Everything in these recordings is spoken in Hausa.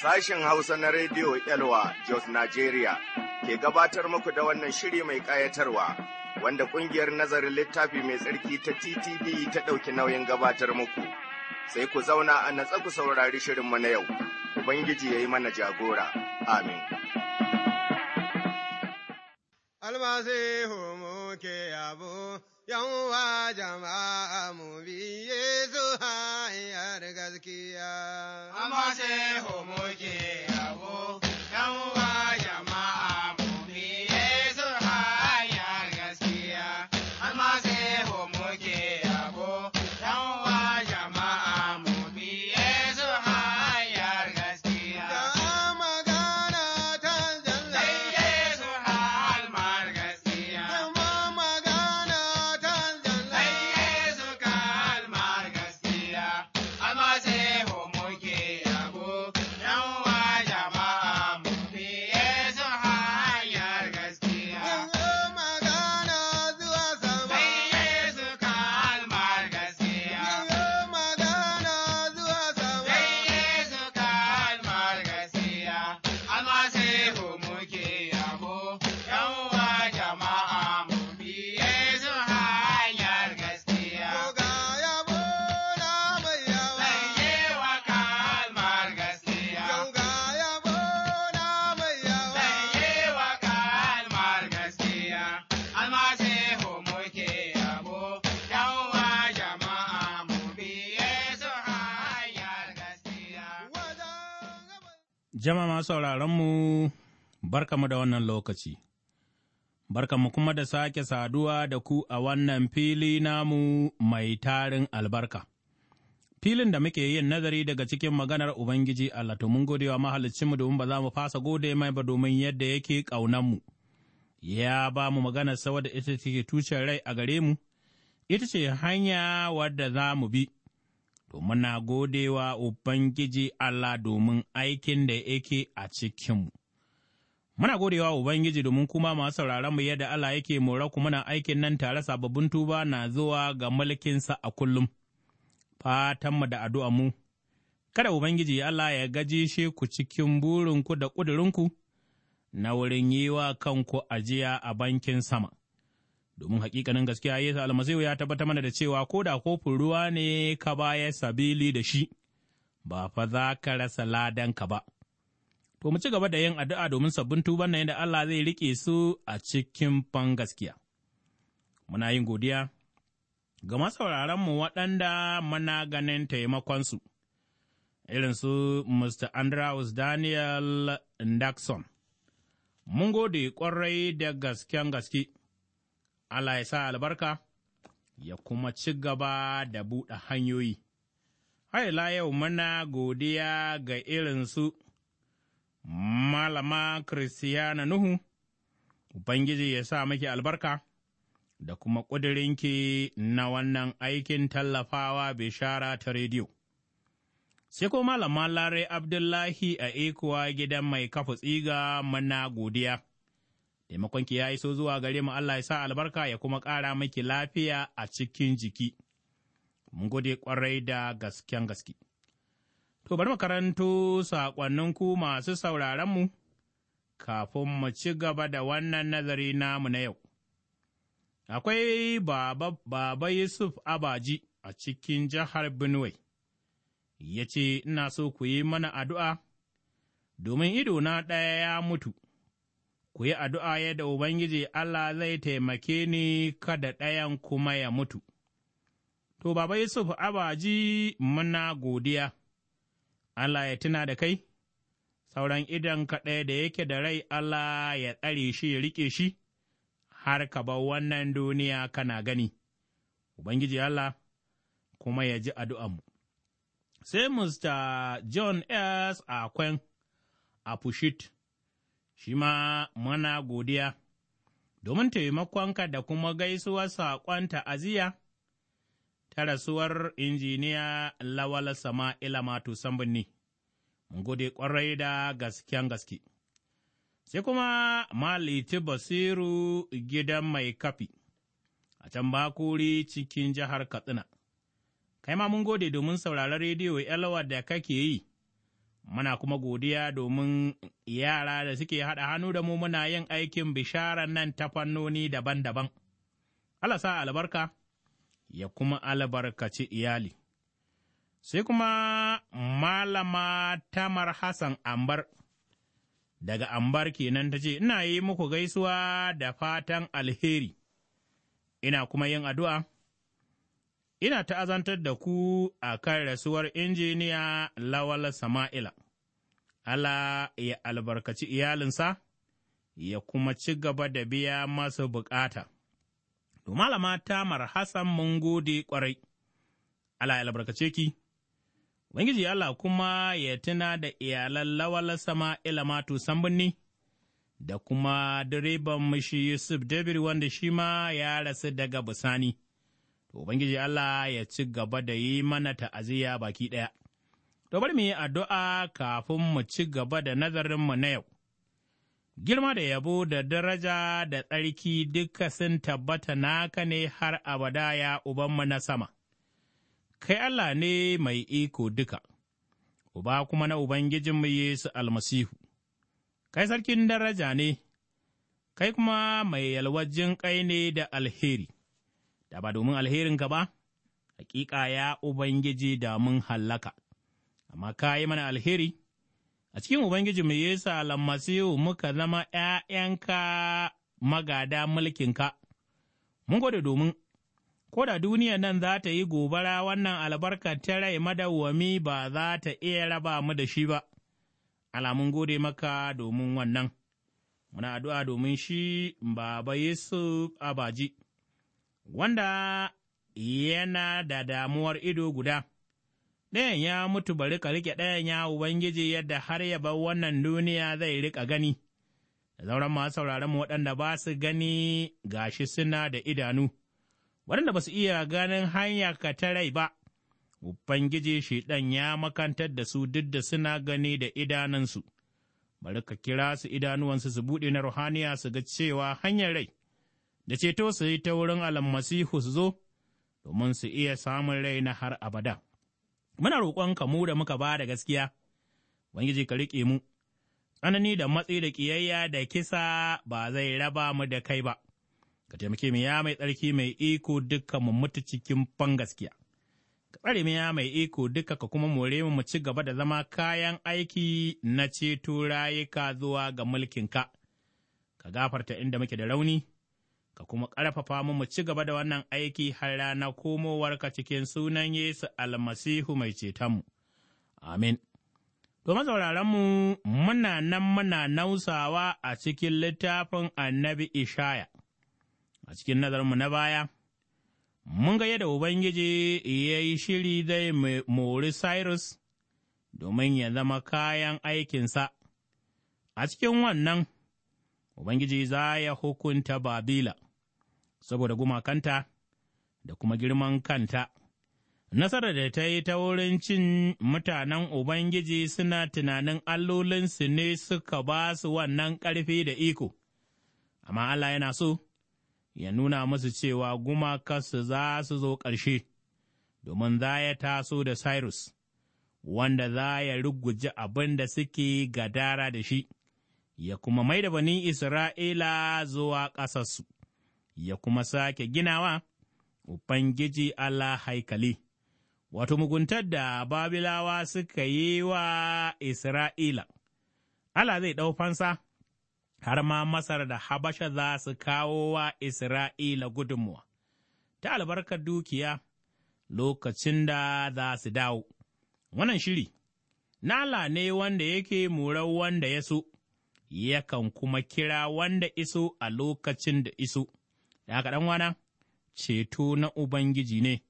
Sashen Hausa na Rediyo Elwa Jos Nigeria ke gabatar muku da wannan shiri mai ƙayatarwa wanda ƙungiyar nazarin littafi mai tsarki ta TTD ta ɗauki nauyin gabatar muku. Sai ku zauna a natsa ku saurari shirinmu na yau, Ubangiji ya yi mana jagora. Amin. almasihu muke yabo, yanwa jama'a mu bi Yesu hanyar gaskiya. Almasihu muke yabo. Jama'a sauraronmu, barkamu da wannan lokaci, barkamu kuma da sake saduwa da ku a wannan fili namu mai tarin albarka. Filin da muke yin nazari daga cikin maganar Ubangiji Allah to mun godewa mahaliccinmu domin ba za mu fasa gode mai ba domin yadda yake ƙaunanmu. Ya ba mu maganar sawa da ita take tushen rai a gare mu, ita ce hanya wadda za mu bi. To muna godewa Ubangiji Allah domin aikin da yake a cikinmu. Muna godewa Ubangiji domin kuma masu sauraron mu yadda Allah yake mora ku muna aikin nan tare sababbin tuba na zuwa ga mulkinsa a kullum. Fatanmu da addu'a mu, kada Ubangiji Allah ya gaji shi ku cikin burinku da ƙudurinku na wurin yi wa kanku ajiya a bankin sama. domin hakikanin gaskiya Yesu almasihu ya tabbata mana da cewa ko da kofin ruwa ne ka baya sabili da shi ba fa za ka rasa ladanka ba. To mu ci gaba da yin addu'a domin sabbin tuban nan da Allah zai rike su a cikin fan gaskiya. Muna yin godiya ga mu waɗanda muna ganin taimakon su irin su Mr. Andrews Daniel Ndakson. Mun gode ƙwarai da gasken gaske. Allah ya sa albarka, ya kuma ci gaba da buɗe hanyoyi. Haila yau mana godiya ga irinsu, Malama Kiristiyana Nuhu, Ubangiji ya sa miki albarka, da kuma ƙudurinki na wannan aikin tallafawa bishara ta rediyo. Sai ko Malama Lare Abdullahi a ikuwa gidan mai kafa tsiga mana godiya. taimakonki ya iso zuwa gare mu Allah ya sa albarka ya kuma ƙara miki lafiya a cikin jiki. Mun gode ƙwarai da gasken gaske. To bari makarantu saƙonninku masu sauraronmu, kafin mu ci gaba da wannan nazari namu na yau. Akwai Baba, Yusuf Abaji a cikin jihar Benue, ya ce, Ina so ku yi mana addu'a, domin ido na ɗaya ya mutu. ku yi addu'a yadda Ubangiji Allah zai taimake ni kada ɗayan kuma ya mutu. To, Baba Yusuf abaji muna godiya, Allah ya tuna da kai, sauran idan kaɗai da yake da rai Allah ya tsare shi ya riƙe shi, har ka bar wannan duniya kana gani, Ubangiji Allah kuma ya ji addu'anmu. Sai Mr. John S. Akwen a Pushit. shi ma mana godiya, domin taimakonka da kuma gaisuwar saƙon ta'aziyya ta rasuwar injiniya Lawal Sama'ila Mato Sambunni, mun gode ƙwarai da gasken gaske. Sai kuma Maliti Basiru gidan mai kafi, a can bakuri cikin jihar Katsina. Kai ma mun gode domin sauraron rediyo yalwa da kake yi. Muna kuma godiya domin yara da suke haɗa hannu da mu muna yin aikin bisharar nan ta fannoni daban-daban. Allah sa albarka, ya kuma albarkaci iyali. Sai kuma Malama Tamar Hassan Ambar, daga Ambar kenan ta ce, Ina yi muku gaisuwa da fatan alheri, ina kuma yin addu'a. ina ta'azantar da ku a kan rasuwar injiniya Lawal Sama'ila, Allah ya albarkaci iyalinsa, ya kuma ci gaba da biya masu bukata. Malama Tamar Hassan mun gode ƙwarai, Allah ya albarkace ki, Ubangiji Allah kuma ya tuna da iyalan Lawal Sama'ila matu sambunni. Da kuma direban mashi Yusuf Dabir wanda shi ma ya rasu daga bisani. to Ubangiji Allah ya ci gaba da yi mana ta'aziyya baki ɗaya. To bari mu yi addu'a kafin mu ci gaba da nazarinmu na yau. Girma da yabo da daraja da tsarki duka sun tabbata naka ne har abada ya Ubanmu na sama, kai Allah ne mai iko duka, Uba kuma na Ubangijinmu Yesu almasihu, kai sarkin daraja ne, kai kuma mai yalwajin kai ne da alheri. da ba domin alherinka ba, hakika ya Ubangiji da mun hallaka, amma ka yi mana alheri, a cikin Ubangiji mai Yesu almasihu muka zama ’ya'yanka magada mulkinka, mun gode domin, ko da duniya nan za ta yi gobara wannan albarkar ta rai madawwami ba za ta iya raba mu da shi ba, alamun gode maka domin wannan. Muna addu'a domin shi Baba Yesu Abaji. wanda yana da damuwar ido guda. Ɗayan ya mutu bari ka riƙe ɗayan ya Ubangiji yadda har ya bar wannan duniya zai riƙa gani, da zauren masu sauraron waɗanda ba su gani shi suna da idanu, waɗanda ba su iya ganin hanya ka ta rai ba, Ubangiji shi ɗan ya makantar da su duk da suna gani da idanunsu, bari ka kira su idanuwansu su buɗe na ruhaniya su ga cewa hanyar rai. da ceto su yi ta wurin almasihu su zo, domin su iya samun rai na har abada. Muna roƙonka mu da muka ba da gaskiya, Ubangiji ka riƙe mu, tsanani da matsi da ƙiyayya da kisa ba zai raba mu da kai ba, ka taimake mu ya mai tsarki mai iko duka mu mutu cikin ban gaskiya. Ka tsare mu ya mai iko duka ka kuma more mu mu ci gaba da zama kayan aiki na ceto rayuka zuwa ga mulkinka. Ka gafarta inda muke da rauni, ka kuma ƙarfafa mu mu ci gaba da wannan aiki har rana komowarka cikin sunan Yesu almasihu mai cetonmu. Amin. Domin mu muna nan muna nausawa a cikin littafin annabi Ishaya, a cikin nazarinmu na baya, mun ga yadda Ubangiji ya yi shiri zai mori Cyrus domin ya zama kayan aikinsa, a cikin wannan Ubangiji za ya hukunta Babila. saboda gumakanta da kuma girman kanta. Nasarar da ta yi ta wurin cin mutanen Ubangiji suna tunanin allolinsu ne suka ba su wannan ƙarfi da iko, amma Allah yana so ya nuna musu cewa gumakarsu za su zo ƙarshe, domin za ya taso da Cyrus, wanda za ya rugguje abin da suke gadara da shi, ya kuma mai da bani Isra'ila zuwa ƙasarsu. ya kuma sake ginawa Ubangiji Allah haikali. Wato muguntar da Babilawa suka yi wa Isra'ila, Allah zai ɗau fansa, har ma Masar da Habasha za su kawo wa Isra'ila gudunmuwa, ta albarkar dukiya lokacin da za su dawo. Wannan shiri, na Allah ne wanda yake murar wanda ya so, yakan kuma kira wanda iso a lokacin da iso. da ka ɗan wana, ceto na Ubangiji ne,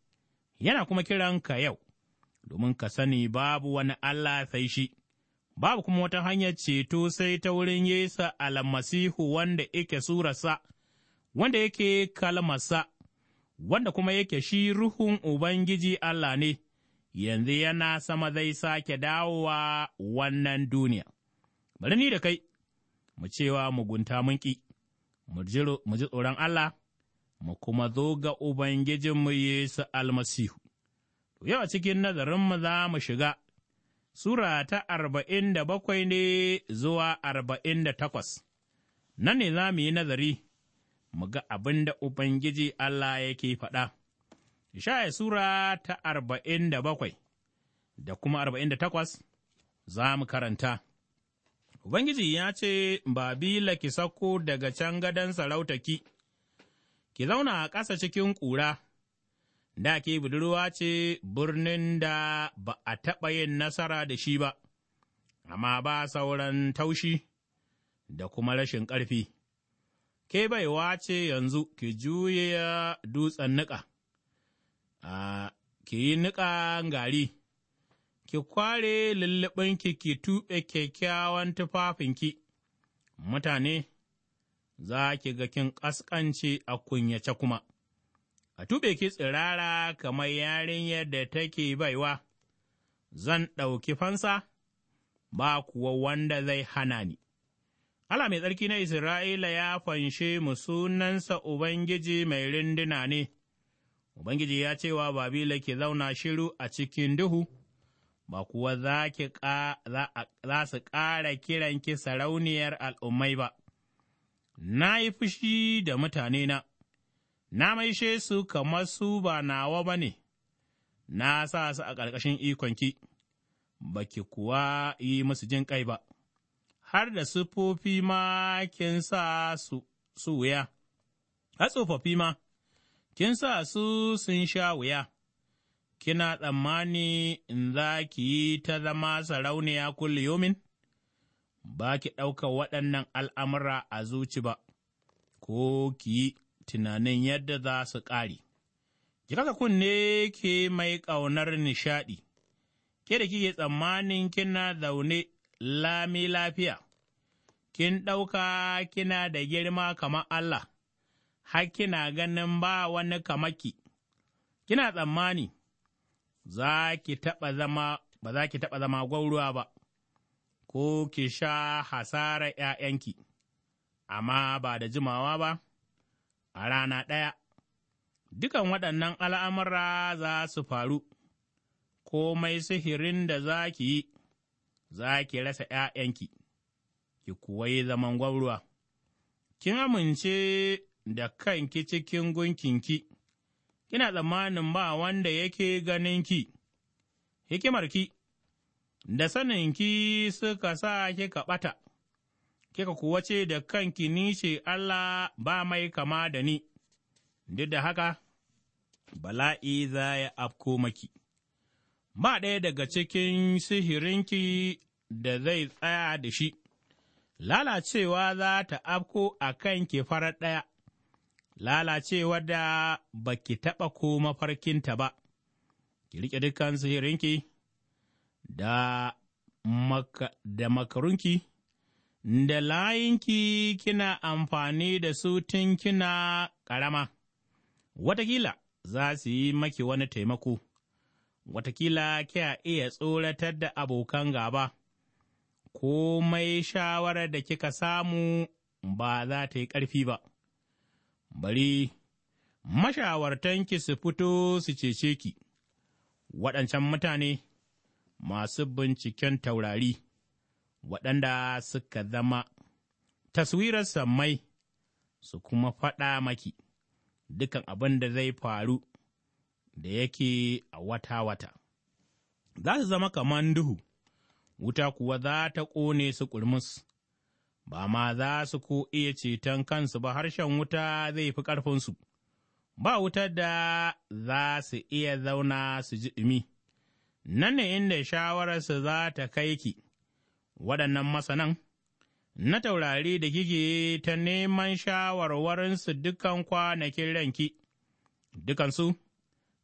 yana kuma kiranka yau, domin ka sani babu wani Allah sai shi, babu kuma wata hanyar ceto sai ta wurin Yesu almasihu wanda yake surasa wanda yake kalmarsa, wanda kuma yake shi ruhun Ubangiji Allah ne, yanzu yana sama zai sake dawowa wannan duniya. Bari ni da kai, mu cewa mugunta mun ƙi, mu ji tsoron Allah. mu kuma zo ga Ubangijinmu Yesu almasihu. to Yau cikin nazarinmu za mu shiga, Sura ta arba'in da bakwai ne zuwa arba'in da takwas, nan ne za mu yi nazari, mu ga abin da Ubangiji Allah yake faɗa. Ishaya Sura ta arba'in da bakwai da kuma arba'in da takwas za mu karanta. Ubangiji ya ce, Babila ki sako daga can gadon sarautaki. ki. ki zauna a ƙasa cikin ƙura, da ke budurwa ce birnin da ba a taɓa yin nasara da shi ba, amma ba sauran taushi da kuma rashin ƙarfi. Ke baiwa ce yanzu ki juya dutsen niƙa, a ki yi niƙan gari, ki kware lulluɓinki ki tuɓe kyakkyawan tufafinki, mutane. za ki ga kin ƙasƙanci a kunyace kuma, a tuɓe ki tsirara kamar yarinyar da take baiwa, zan ɗauki fansa, ba kuwa wanda zai hana ni. Allah mai tsarki na Isra'ila ya fanshe mu sunansa Ubangiji mai rinduna ne, Ubangiji ya ce wa Babila ki zauna shiru a cikin duhu, ba kuwa za su ƙara kiranki sarauniyar al'ummai ba. na yi fushi da mutanena, na maishe su kamar su ba nawa ba ne, na sa su a ƙarƙashin ikonki, ba ki kuwa yi musu jin ƙai ba, har da sufofi ma kin sa su wuya, har tsofaffi ma, kin sa su sun sha wuya. Kina tsammani in za ki yi ta zama sarauniya kulli yomin? ba ki ɗauka waɗannan al'amura a zuci ba, ko ki yi tunanin yadda za su ƙare. Ki kaka kunne ke mai ƙaunar nishaɗi, ke da kike tsammanin kina zaune lami lafiya, kin ɗauka kina da girma kamar Allah, har kina ganin ba wani kamaki, kina tsammani za ki taɓa zama ba za ki taɓa zama gwauruwa ba. ko ki sha hasarar ’ya'yanki, amma ba da jimawa ba, a rana ɗaya, dukan waɗannan al'amura za su faru, komai sihirin da za ki yi, za ki rasa ’ya'yanki, ki kuwa yi zaman gwauruwa. Kin amince da kanki cikin gunkinki, Ina tsammanin ba wanda yake ganinki, hikimarki. da sanin ki suka sa kika ɓata, kika kuwa ce da kanki ni ce Allah ba mai kama da ni, duk da haka, bala'i za ya afko maki, ba ɗaya daga cikin sihirinki da zai tsaya da shi, lalacewa za ta afko a kanki farar ɗaya, lalacewa da ba ki taɓa ko mafarkinta ba, ki riƙe dukkan sihirinki. da maka, da makarunki, da layinki kina amfani da su tun kina ƙarama, watakila za su yi maki wani taimako, watakila kya iya tsoratar da abokan gaba, komai shawarar da kika samu ba za ta yi ƙarfi ba. Bari, mashawartanki su fito su cece ki, waɗancan mutane. masu binciken taurari, waɗanda suka zama taswirar sammai su kuma faɗa maki dukan abin da zai faru da yake a wata-wata. Za su zama kaman duhu, wuta kuwa za ta ƙone su ƙurmus, ba ma za su ko iya ceton kansu ba harshen wuta zai fi ƙarfinsu, ba wutar da za su iya zauna su ji ɗumi. nan ne inda shawararsa za ta kai ki, waɗannan masanan, na taurari da kike ta neman shawarwarinsu dukan kwanakin ranki, dukansu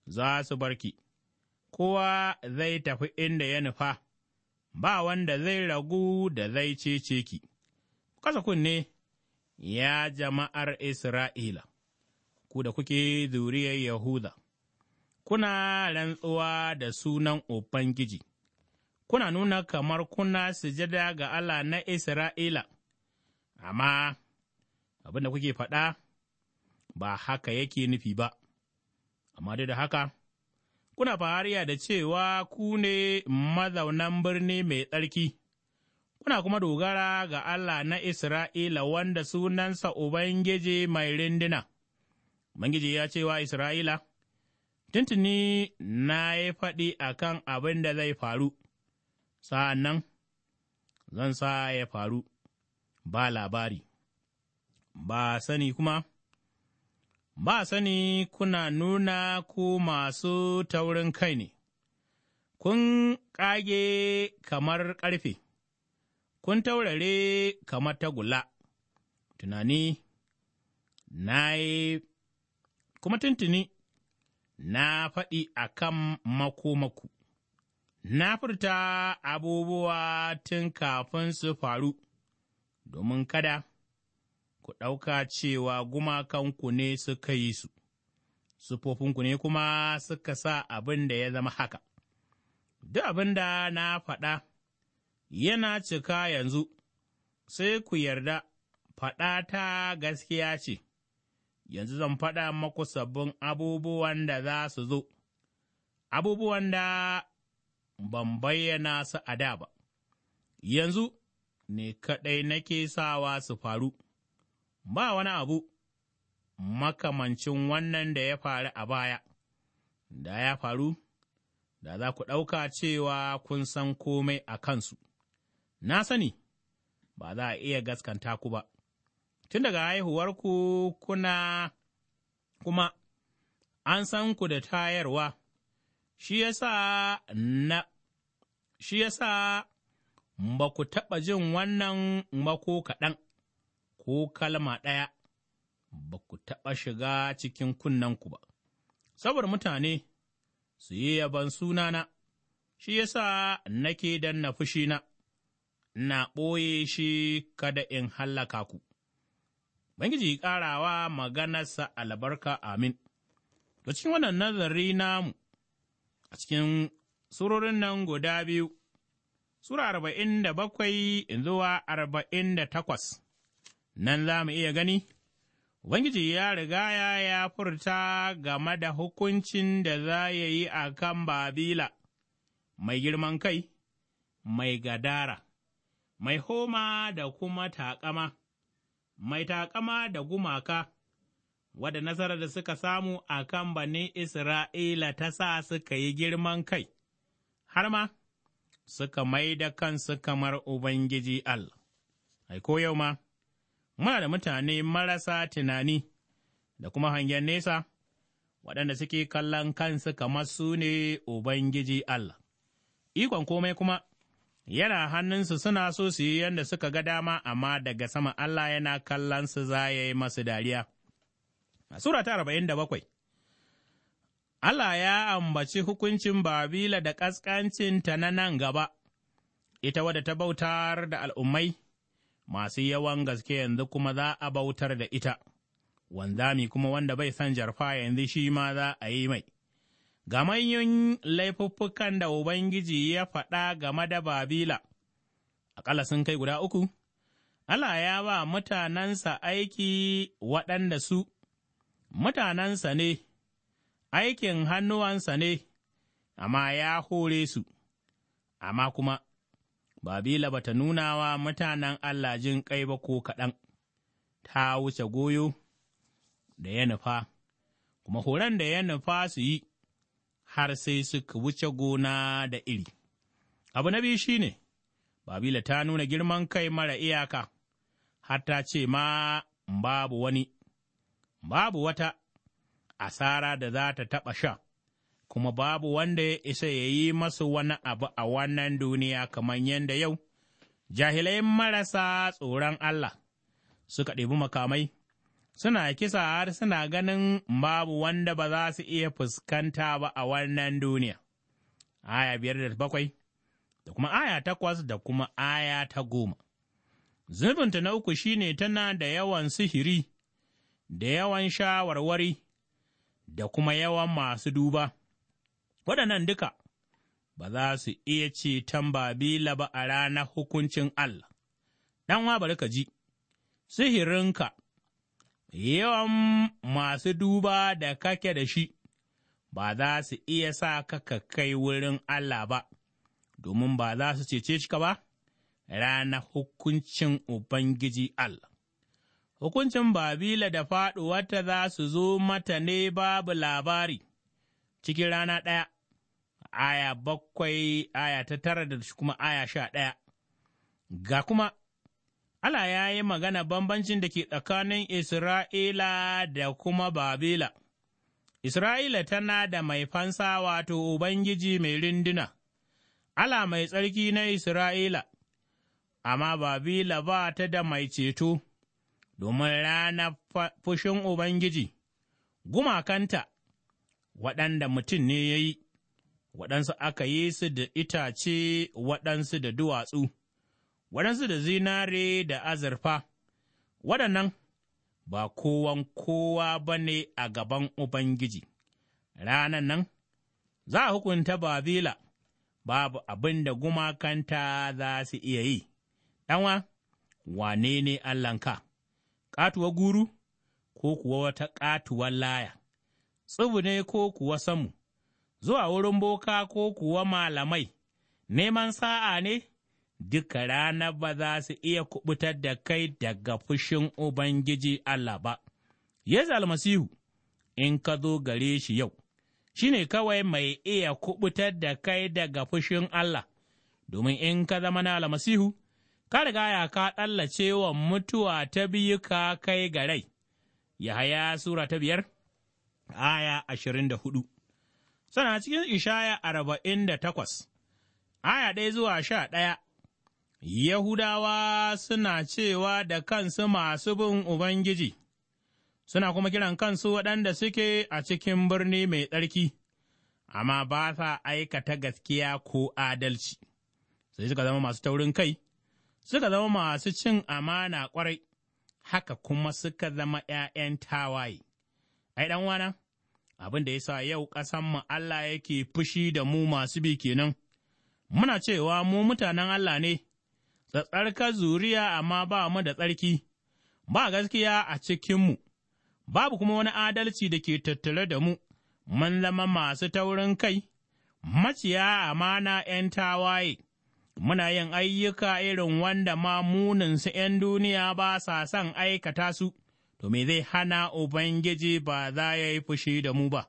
za su barki, kowa zai tafi inda ya nufa, ba wanda zai ragu da zai cece ki, kasa kunne ya jama'ar Isra'ila, ku da kuke zuriyar Yahuda. kuna rantsuwa da sunan Ubangiji, kuna nuna kamar kuna sujada ga Allah na Isra'ila, amma abin da kuke faɗa ba haka yake nufi ba, amma duk da haka, kuna fahariya da cewa ku ne mazaunan birni mai tsarki. kuna kuma dogara ga Allah na Isra'ila wanda sunansa Ubangiji mai rindina. Ubangiji ya ce wa Isra'ila, tuntuni na yi faɗi a kan abin da zai faru, sa'an nan zan sa ya faru ba labari, ba sani kuma, ba sani kuna nuna ku masu taurin kai ne, kun ƙage kamar ƙarfe, kun taurare kamar tagula, tunani na yi kuma tuntuni. na faɗi a kan makomaku, na furta abubuwa tun kafin su faru, domin kada ku ɗauka cewa gumakanku ne suka yi su, sufofinku ne kuma suka sa abin da ya zama haka. Duk abin da na faɗa yana cika yanzu, sai ku yarda faɗa ta gaskiya ce. yanzu zan faɗa maku sabbin abubuwan da za su zo, abubuwan da ban bayyana su a da ba, yanzu ne kaɗai nake sawa su faru, ba wani abu makamancin wannan da ya faru a baya, da ya faru, da za ku ɗauka cewa kun san komai a kansu, na sani, ba za a iya gaskanta ku ba. tun daga haihuwarku kuna kuma an san ku da tayarwa, shi ya na, ba ku taɓa jin wannan mako kaɗan, ko kalma ɗaya, ba ku taɓa shiga cikin kunnenku ba, saboda mutane su yi yaban sunana, shi ya sa nake danna fushina, na ɓoye shi kada in hallaka ku. Ubangiji ƙarawa maganarsa albarka amin. to cikin wannan nazari namu, a cikin surorin nan guda biyu, Sura arba'in da bakwai zuwa arba'in da takwas, nan za mu iya gani, Ubangiji ya riga ya ya furta game da hukuncin da za ya yi a kan Babila, mai girman kai, mai gadara, mai homa da kuma taƙama. mai taƙama da gumaka, wadda nasarar da suka samu a kan bane Isra'ila ta sa suka yi girman kai, har ma suka mai da kansu kamar Ubangiji Allah. Aiko yau ma, muna da mutane marasa tunani da kuma hangen nesa, waɗanda suke kallon kansu kamar su ne Ubangiji Allah. Ikon komai kuma. yana hannunsu suna so su yi yadda suka ga dama amma daga sama Allah yana kallon su za ya yi masu dariya. A Sura ta arba'in da bakwai Allah ya ambaci hukuncin Babila da ƙasƙancinta na nan gaba, ita wadda ta bautar da al'ummai masu yawan gaske yanzu kuma za a bautar da ita, wanzami kuma wanda bai son jarfa yanzu shi ma za a yi mai. ga manyan laifuffukan da Ubangiji ya faɗa game da Babila, aƙalla sun kai guda uku, Allah ya ba mutanensa aiki waɗanda su, mutanensa ne, aikin hannuwansa ne, amma ya hore su, amma kuma Babila ba ta nuna wa mutanen Allah jin kai ba ko kaɗan, ta wuce goyo da ya nufa, kuma horon da ya nufa su yi. har sai suka wuce gona da iri. Abu na biyu shi ne, Babila ta nuna girman kai mara iyaka, har ta ce ma babu wani, babu wata asara da za ta taɓa sha, kuma babu wanda ya isa ya yi masu wani abu a wannan duniya kamar yadda yau, jahilai marasa tsoron Allah suka ɗebi makamai suna kisa har suna ganin babu wanda ba za su iya fuskanta ba a wannan duniya. Aya biyar da bakwai, da kuma aya takwas da kuma aya ta goma. Zunubinta na uku shi ne tana da yawan sihiri, da yawan shawarwari, da kuma yawan masu duba. Waɗannan duka ba za su iya ceton Babila ba a ranar hukuncin Allah. Ɗan wa bari ka ji, sihirinka. yawan masu duba da kake da shi, ba za su iya sa ka kai wurin Allah ba, domin ba za su cece shi ka ba, rana hukuncin Ubangiji Allah. Hukuncin Babila da wata za su zo mata ne babu labari cikin rana ɗaya, aya bakwai, aya ta tara da kuma aya sha ɗaya, ga kuma Allah ya yi magana bambancin da ke tsakanin Isra'ila da kuma Babila. Isra'ila tana da mai fansa wato Ubangiji mai rinduna, Allah mai tsarki na Isra'ila, amma Babila ba ta da mai ceto, domin ranar fushin Ubangiji, gumakanta waɗanda mutum ne ya yi, waɗansu aka yi su da itace waɗansu da duwatsu. waɗansu da zinare da azurfa, waɗannan ba kowan kowa ba ne a gaban Ubangiji, ranan nan za a hukunta Babila, babu abin da gumakanta za su iya yi, ɗanwa, wane ne Allahnka, ƙatuwa guru ko kuwa wata ƙatuwar laya, tsubu ne ko kuwa samu, zuwa wurin boka ko kuwa malamai, neman sa'a ne? duka rana ba za su iya kubutar da kai daga fushin Ubangiji Allah ba. Yesu almasihu, in ka zo gare shi yau, shi ne kawai mai iya kubutar da kai daga fushin Allah, domin in ka zama na almasihu, ka riga ya ka tsallace wa mutuwa ta biyu ka kai ga rai. Yahaya Sura ta biyar, aya ashirin da hudu. Sana cikin Ishaya arba'in da takwas, aya ɗaya zuwa sha ɗaya Yahudawa suna cewa da kansu masu bin Ubangiji, suna kuma kiran kansu waɗanda suke a cikin birni mai tsarki, amma ba sa aikata gaskiya ko adalci, sai suka zama masu taurin kai, suka zama masu cin amana ƙwarai, haka kuma suka zama ’ya'yan tawaye. Ai, ɗanwana, abin da ya sa yau ƙasanmu Allah yake fushi da mu masu bi kenan, muna cewa mu mutanen Allah ne. tsatsarkar zuriya amma ba mu da tsarki, ba gaskiya a cikinmu, babu kuma wani adalci da ke tattare da mu, mun zama masu taurin kai, maciya amana ’yan tawaye, muna yin ayyuka irin wanda ma su ’yan duniya ba sa son aikata su, to me zai hana Ubangiji ba za ya yi fushi da mu ba.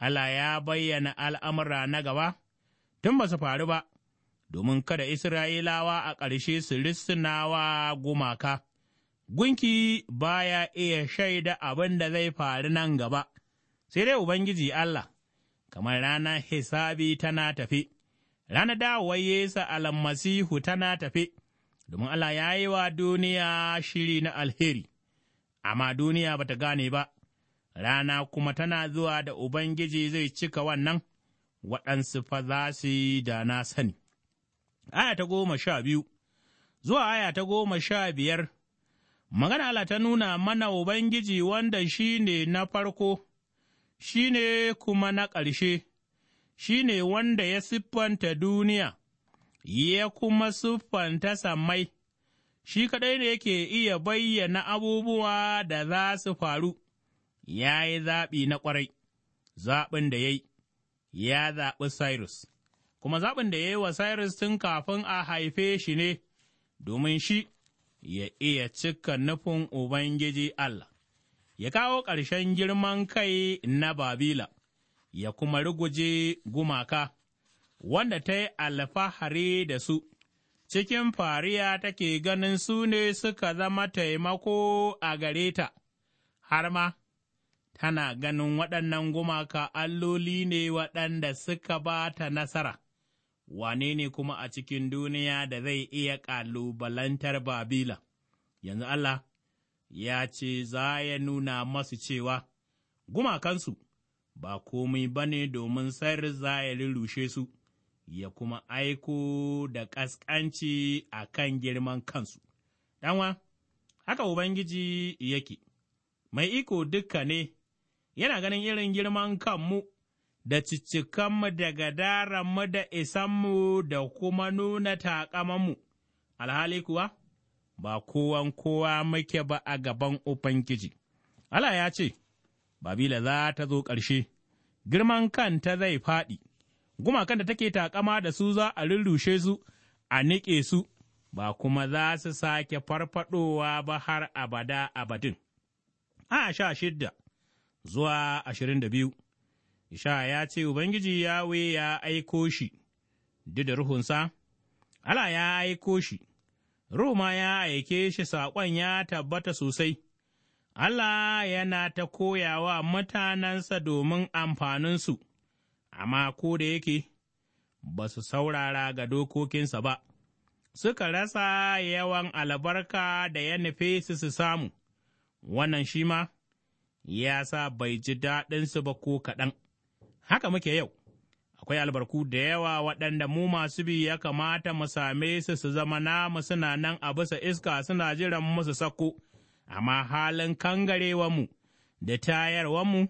Allah ya bayyana al'amura na gaba, tun ba su faru ba. domin kada Isra'ilawa a ƙarshe su wa gumaka. Gunki baya iya shaida abin da zai faru nan gaba, sai dai Ubangiji Allah, kamar ranar hisabi tana tafi, ranar dawowar Yesu almasihu tana tafi, domin Allah ya yi wa duniya shiri na alheri, amma duniya ba ta gane ba, rana kuma tana zuwa da Ubangiji zai cika wannan, waɗansu fa za su yi da na sani. aya ta goma sha biyu zuwa aya ta goma sha biyar, magana Allah ta nuna mana Ubangiji wanda shi ne na farko, shi ne kuma na ƙarshe, shi ne wanda ya siffanta duniya, ya kuma siffanta sammai, shi kaɗai ne yake iya bayyana abubuwa da za su faru, ya yi zaɓi na ƙwarai, zaɓin da ya yi, ya zaɓi Cyrus. kuma zaɓin da ya yi wa Cyrus tun kafin a haife shi ne, domin shi ya iya cika nufin Ubangiji Allah, ya kawo ƙarshen girman kai na Babila, ya kuma ruguje gumaka, wanda ta yi alfahari da su. cikin fariya take ganin su ne suka zama taimako a gare ta, har ma tana ganin waɗannan gumaka alloli ne waɗanda suka ba ta nasara, wane ne kuma a cikin duniya da zai iya ƙalubalantar Babila, yanzu Allah ya ce za ya nuna masu cewa, Gumakansu ba komai ba ne domin sayar za ya rurrushe su, ya kuma aiko da ƙasƙanci a kan girman kansu. Ɗanwa, haka Ubangiji yake, mai iko dukka ne, yana ganin irin girman kanmu da ciccikanmu da gadaranmu da isanmu da kuma nuna taƙamanmu, alhali kuwa ba kowan kowa muke ba a gaban Ubangiji. Allah ya ce, Babila za ta zo ƙarshe, girman kanta zai faɗi, gumakan da take taƙama da su za a lullushe su, a niƙe su, ba kuma za su sake farfaɗowa ba har abada abadin. A sha shidda zuwa ashirin da biyu. Sha ya ce, Ubangiji Yawe ya aiko shi, duk da ruhunsa, Allah ya aiko shi, Ruhu ma ya aike shi saƙon ya tabbata sosai, Allah yana ta koyawa mutanensa domin amfaninsu, amma ko da yake ba su saurara ga dokokinsa ba, suka rasa yawan albarka da ya nufe su su samu, wannan shi ma ya sa bai ji daɗinsu ba ko kaɗan. haka muke yau. Akwai albarku da yawa waɗanda mu masu bi ya kamata mu same su su zama namu suna nan a bisa iska suna jiran musu sako, amma halin kangarewanmu da tayarwanmu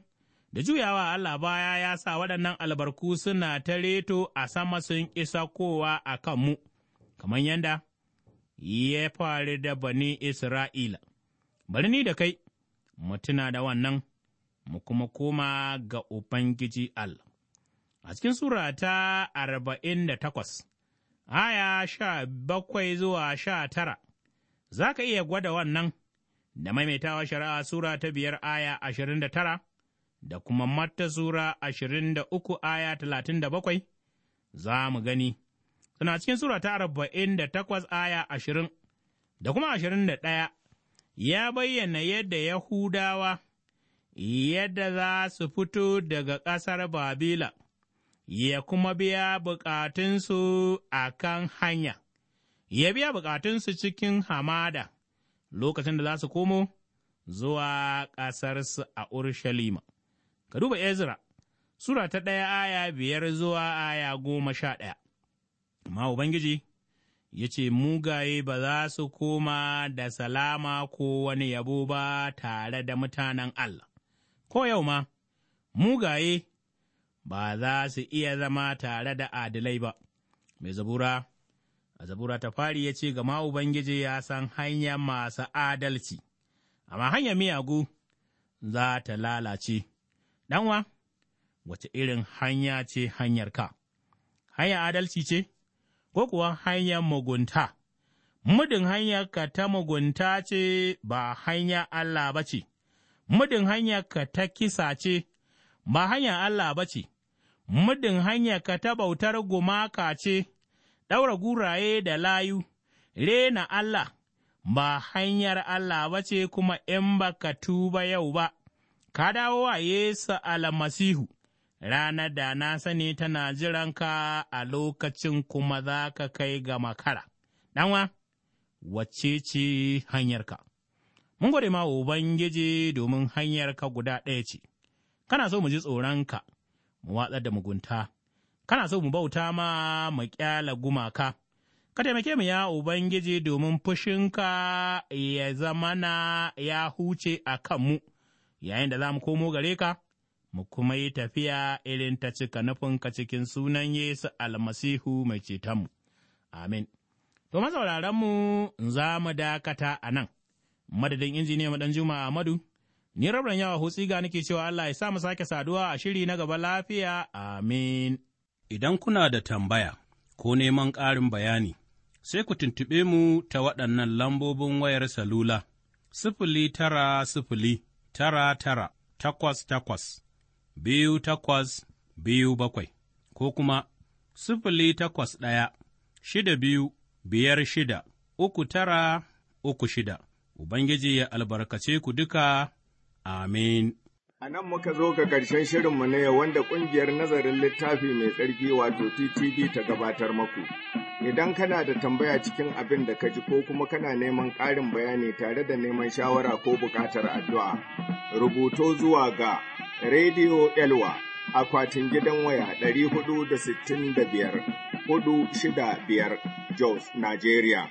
da juyawa Allah baya ya sa waɗannan albarku suna ta reto a sama sun isa kowa a kanmu, kamar yadda ya faru da bani Isra'ila. Bari ni da kai, mu tuna da wannan. mu kuma koma ga Ubangiji Al. A cikin Sura ta arba'in da takwas, aya sha bakwai zuwa sha tara, za ka iya gwada wannan da maimaitawa shari'a Sura ta biyar aya ashirin da tara, da kuma mata Sura ashirin da uku aya talatin da bakwai, za mu gani. Suna cikin Sura ta arba'in da takwas aya ashirin, da kuma ashirin da ɗaya, ya bayyana yadda Yahudawa yadda za su fito daga ƙasar Babila, ya kuma biya bukatunsu a kan hanya, ya biya bukatunsu cikin hamada lokacin da za su komo zuwa ƙasarsu a Urushalima. Ka duba Ezra, Sura ta ɗaya aya biyar zuwa aya goma sha ɗaya. Amma Ubangiji ya ce, Mugaye ba za su koma da salama ko wani yabo ba tare da mutanen Allah. ko yau ma, mugaye ba za su iya zama tare da adilai ba. Mai zabura, a zabura ta fari ya ce, Gama Ubangiji ya san hanya masu adalci, amma hanya miyagu za ta lalace. Ɗanwa, wace irin hanya ce hanyar ka? Hanya adalci ce, ko kuwa hanyar mugunta? Mudin hanyarka ta mugunta ce ba hanya Allah ba ce. muddin ka ta kisa ce, ba hanyar Allah ba ce, muddin ka ta bautar gumaka ce, ɗaura guraye da layu, rena Allah, ba hanyar Allah ba ce kuma in baka tuba yau ba, ka dawo wa Yesu almasihu. Rana da na sani tana jiranka a lokacin kuma za ka kai ga makara. Ɗanwa, wacce ce hanyarka? Mun gode ma Ubangiji domin hanyar ka guda ɗaya ce, kana so mu ji tsoronka, mu watsar da mugunta, kana so mu bauta ma mu ƙyala gumaka, ka taimake mu ya Ubangiji domin fushinka ya zama na ya huce a kanmu, yayin da za mu komo gare ka, mu kuma yi tafiya irin ta cika nufinka cikin sunan Yesu almasihu mai cetonmu. Amin. To, masauraranmu za mu dakata a nan. madadin injiniya madan juma amadu ni rabran yawa hutsi ga nake cewa allah ya sa mu sake saduwa a shiri na gaba lafiya amin idan kuna da tambaya ko neman ƙarin bayani sai ku tuntuɓe mu ta waɗannan lambobin wayar salula sifili tara sifili tara tara takwas takwas biyu takwas biyu bakwai ko kuma sifili takwas ɗaya shida biyu biyar shida uku tara uku shida. Ubangiji ya albarkace ku duka, amin. A nan muka zo ga ƙarshen shirinmu ne wanda ƙungiyar nazarin littafi mai tsarki wato TTD ta gabatar maku. Idan kana da tambaya cikin abin da ka ji ko kuma kana neman ƙarin bayani tare da neman shawara ko buƙatar addu'a, rubuto zuwa ga Radio Elwa akwatin gidan waya 465 biyar Jos, Nigeria.